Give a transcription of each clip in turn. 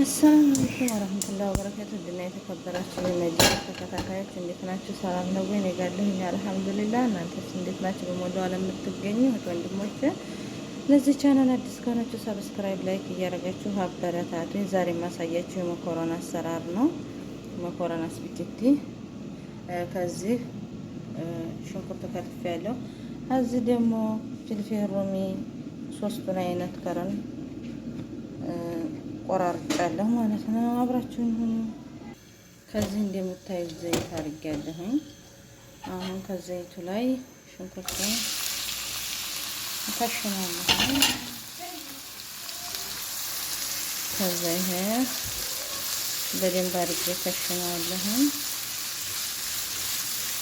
አሰላም አለይኩም ወረህመቱላሂ ወበረካቱ። ድና የተከበራችሁ የመድረክ ተከታታዮች እንዴት ናችሁ? ሰላም ነው ወይ? እኔ አልሐምዱሊላህ። እናንተስ እንዴት ናችሁ? በሞላው ዓለም የምትገኙ ወንድሞች፣ ለዚህ ቻናል አዲስ ከሆናችሁ ሰብስክራይብ፣ ላይክ እያደረጋችሁ አበረታቱኝ። ዛሬ የማሳያችሁ የመኮረን አሰራር ነው። መኮረን አስቢቴቲ ከዚህ ሽንኩርት ከትፍ ያለው እዚህ ደግሞ ፍልፍል ሮሚ ሶስቱን አይነት ከረን ቆራርጫለሁ ማለት ነው። አብራችሁን ሁኑ። ከዚህ እንደምታዩት ዘይት አድርጊያለሁኝ። አሁን ከዘይቱ ላይ ሽንኩርቱን እታሽናለሁ። ከዛ ይሄ በደንብ አድርጌ እታሽናለሁኝ።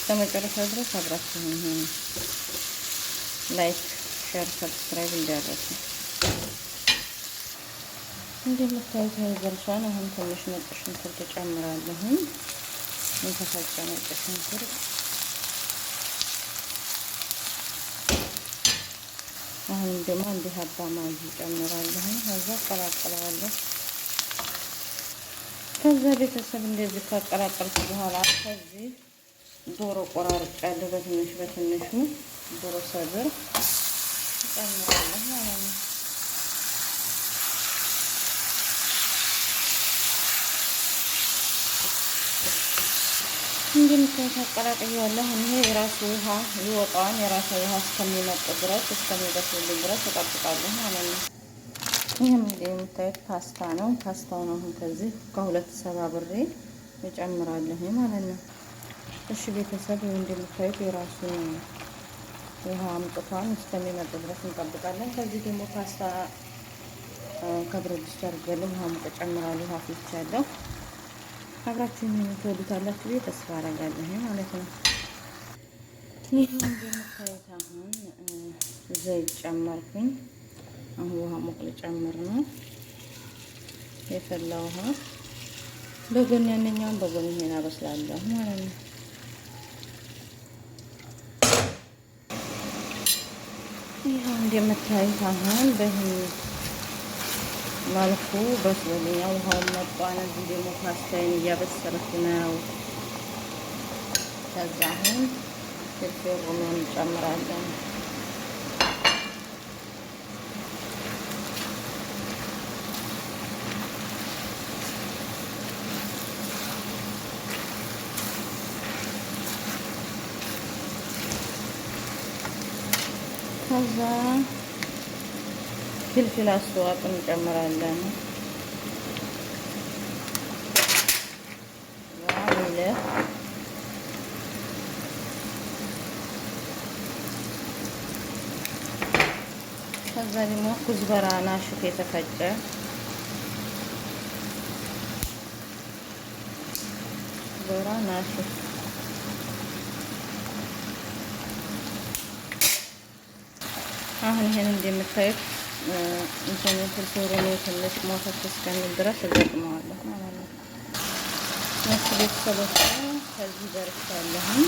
ከመጨረሻ ድረስ አብራችሁን ሁኑ። ላይክ፣ ሼር፣ ሰብስክራይብ እንዳረሱ እንደምታዩት ይዘልሷን። አሁን ትንሽ ነጭ ሽንኩርት ጨምራለሁኝ። የተፈጨ ነጭ ሽንኩርት አሁንም ደግሞ እንዲህ ሀባ ማጅ ጨምራለሁኝ። ከዛ አቀላቅለዋለሁ። ከዛ ቤተሰብ እንደዚህ ካቀላቀልኩ በኋላ ከዚህ ዶሮ ቆራርጫለሁ። በትንሽ በትንሹ ዶሮ ሰብር ጨምራለሁ ማለት ነው። እንደምታዩት አቀላቅየዋለሁ። ይሄ የራሱ ውሃ ይወጣዋል። የራሱ ውሃ እስከሚመጥ ድረስ እስከሚበስልልኝ ድረስ እጠብቃለሁ ማለት ነው። ይህም የምታዩት ፓስታ ነው። ፓስታውን አሁን ከዚህ ከሁለት ሰባ ብሬ እጨምራለሁ ማለት ነው። እሺ ቤተሰብ ይህ እንደምታዩት የራሱን ውሃ አምጥቷን እስከሚመጥ ድረስ እንጠብቃለን። ከዚህ ደግሞ ፓስታ ከብረት ድስት አድርጌያለሁ። ውሃ ሙቅ ውሃ አብራችሁ የምትወዱታላችሁ ብዬ ተስፋ አረጋለሁ ማለት ነው። ይህ እንደምታዩት አሁን ዘይት ጨመርኩኝ። አሁን ውሃ ሞቅል ጨምር ነው የፈላ ውሃ በጎን ያነኛውን በጎን ይሄን አበስላለሁ ማለት ነው። ይኸው እንደምታዩት አሁን በህ መልኩ በስሎልኛ ውሃውን መጧን። እዚህ ደግሞ ፓስታዬን እያበሰልኩ ነው። ከዛ አሁን ፍልፍል ሮሜን እንጨምራለን። ከዛ ፍልፍል አስተዋጽኦ እንጨምራለን። ከዛ ደግሞ ኩዝበራ ናሹፍ የተፈጨ ኩዝበራ ናሹፍ አሁን ይሄን እንደምታዩት እንትኑ ነው ትንሽ ሞተት እስከሚል ድረስ እገጥመዋለሁ ማለት ነው። እሺ ቤተሰቦች ከዚህ ደርሻለሁኝ።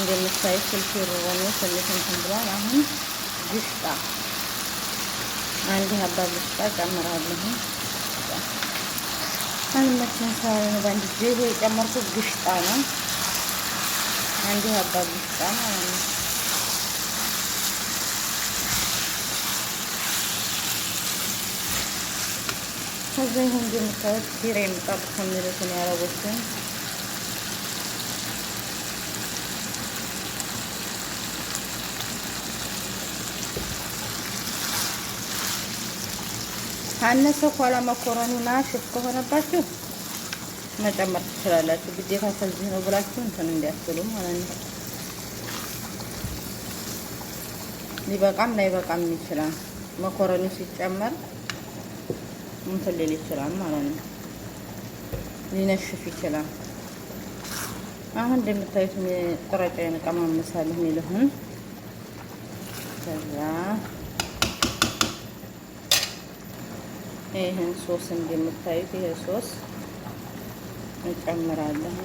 እንደምታዩት ፍልፍል ሮሜ ትንሽ እንትን ብሏል። አሁን ግሽጣ አንድ ሀባ ግሽጣ ጨምራለሁ። አንመችን ሳሪ ነው በአንድ ጊዜ ይሄ የጨመርኩት ግሽጣ ነው። አንድ ሀባ ግሽጣ ማለት ነው። ከዛ ይሄ እንደምታዩት ቢራ የምጣጥ ከሚሉትን ያረቦችን አነሰ ኋላ መኮረኒና ሽፍ ከሆነባችሁ መጨመር ትችላላችሁ። ግዴታ ከዚህ ነው ብላችሁ እንትን እንዲያስሉ ማለት ነው። ሊበቃም ላይበቃም ይችላል መኮረኒ ሲጨመር እንትን ሊል ይችላል ማለት ነው። ሊነሽፍ ይችላል። አሁን እንደምታዩት ቁረጫ እንቀማመሳለን የሚልሁን ከዛ ይህን ሶስ እንደምታዩት ይሄ ሶስ እንጨምራለን።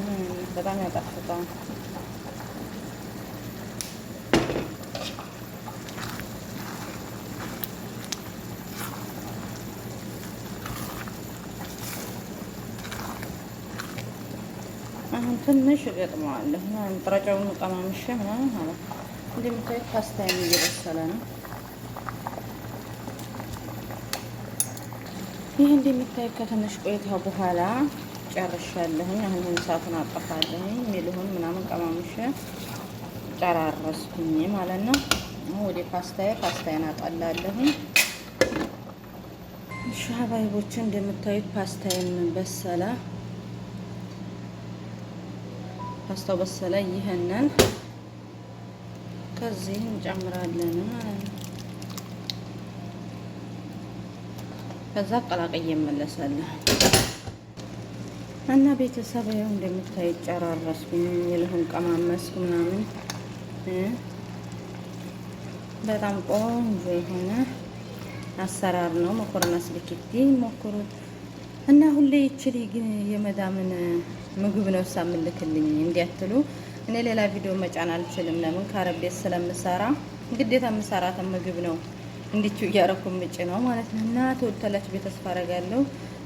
በጣም ያጣፍጣል። አሁን ትንሽ እገጥመዋለሁ ምናምን ጥረጫውን ቀማምሼ ምናምን ማለት ነው። እንደምታዩት ፓስታዬም እየበሰለ ነው። ይህ እንደሚታዩት ከትንሽ ቆይታ በኋላ ጨርሻለሁኝ። አሁን እሳቱን አጠፋለሁኝ። ሚልሁን ምናምን ቀማምሽ ጨራረስኩኝ ማለት ነው። ወደ ፓስታዬ ፓስታዬን አጠላለሁኝ። ሻባይቦችን እንደምታዩት ፓስታዬም በሰለ። ፓስታው በሰለ። ይሄንን ከዚህ እንጨምራለን ማለት ነው። ከዛ ቀላቀይ እመለሳለሁ እና ቤተሰብ ያው እንደምታይ ጨራረስኩኝ። የለሁን ቀማመስኩ ምናምን በጣም ቆንጆ የሆነ አሰራር ነው። መኮረና ስብኬቲ ሞክሩት። እና ሁሌ ይችል ግን የመዳምን ምግብ ነው እሷ የምልክልኝ እንዲያትሉ እኔ ሌላ ቪዲዮ መጫን አልችልም። ለምን ከአረብ ቤት ስለምሰራ ግዴታ የምሰራትን ምግብ ነው እንዲችው እያረኩ ምጭ ነው ማለት ነው። እና ተወደላችሁ ቤተስፋ አረጋለሁ።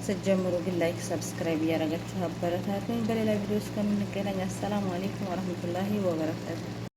ስትጀምሩ ግን ላይክ፣ ሰብስክራይብ እያረጋችሁ አበረታቱኝ። በሌላ ቪዲዮ እስከምንገናኝ አሰላሙ አሌይኩም ወረህመቱላሂ ወበረካቱ።